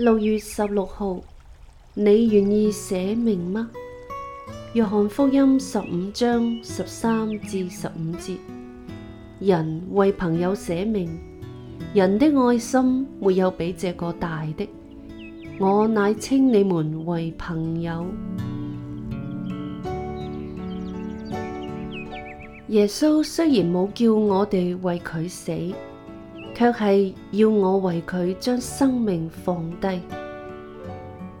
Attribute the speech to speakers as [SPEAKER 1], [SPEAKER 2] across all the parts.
[SPEAKER 1] 六月十六號，你願意捨命嗎？約翰福音十五章十三至十五節，人為朋友捨命，人的愛心沒有比這個大的。我乃稱你們為朋友。耶穌雖然冇叫我哋為佢捨。卻係要我為佢將生命放低。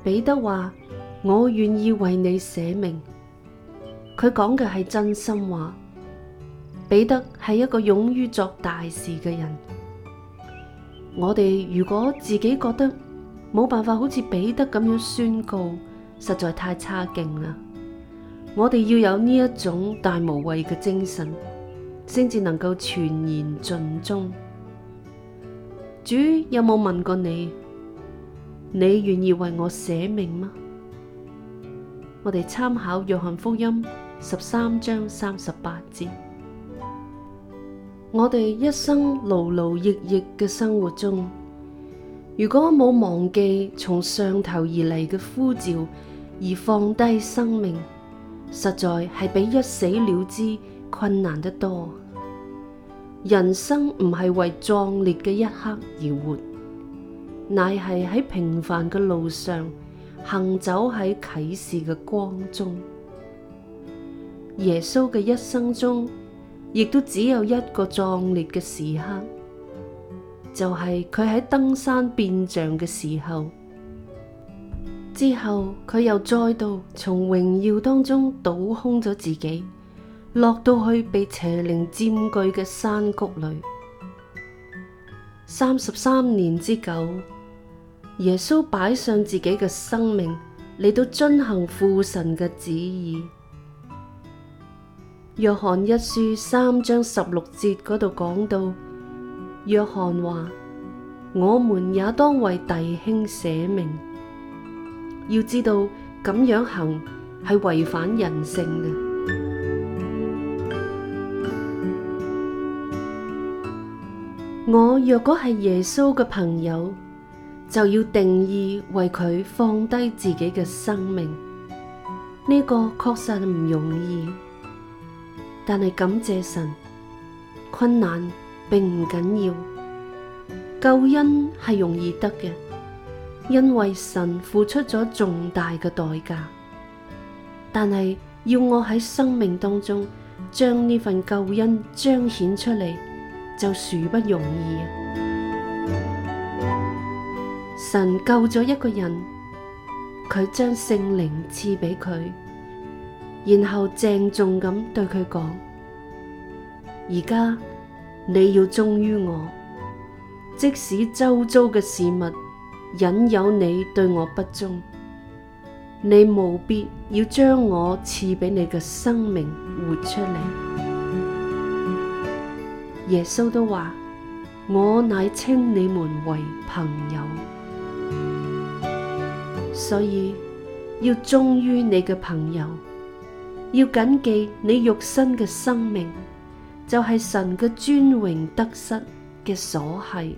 [SPEAKER 1] 彼得話：我願意為你捨命。佢講嘅係真心話。彼得係一個勇於作大事嘅人。我哋如果自己覺得冇辦法，好似彼得咁樣宣告，實在太差勁啦。我哋要有呢一種大無畏嘅精神，先至能夠全然盡忠。主有冇問過你，你願意為我捨命嗎？我哋參考《約翰福音》十三章三十八節。我哋一生勞勞役役嘅生活中，如果冇忘記從上頭而嚟嘅呼召而放低生命，實在係比一死了之困難得多。人生唔係為壯烈嘅一刻而活，乃係喺平凡嘅路上行走喺啟示嘅光中。耶穌嘅一生中，亦都只有一個壯烈嘅時刻，就係佢喺登山變像嘅時候。之後佢又再度從榮耀當中倒空咗自己。落到去被邪靈占據嘅山谷裏，三十三年之久，耶穌擺上自己嘅生命嚟到遵行父神嘅旨意。約翰一書三章十六節嗰度講到，約翰話：我們也當為弟兄捨命，要知道咁樣行係違反人性嘅。我若果係耶穌嘅朋友，就要定義為佢放低自己嘅生命。呢個確實唔容易，但係感謝神，困難並唔緊要。救恩係容易得嘅，因為神付出咗重大嘅代價。但係要我喺生命當中將呢份救恩彰顯出嚟，就殊不容易啊。神救咗一個人，佢將聖靈賜俾佢，然後鄭重咁對佢講：而家你要忠於我，即使周遭嘅事物引誘你對我不忠，你務必要將我賜俾你嘅生命活出嚟。耶穌都話：我乃稱你們為朋友，所以要忠於你嘅朋友，要謹記你肉身嘅生命就係、是、神嘅尊榮得失嘅所係。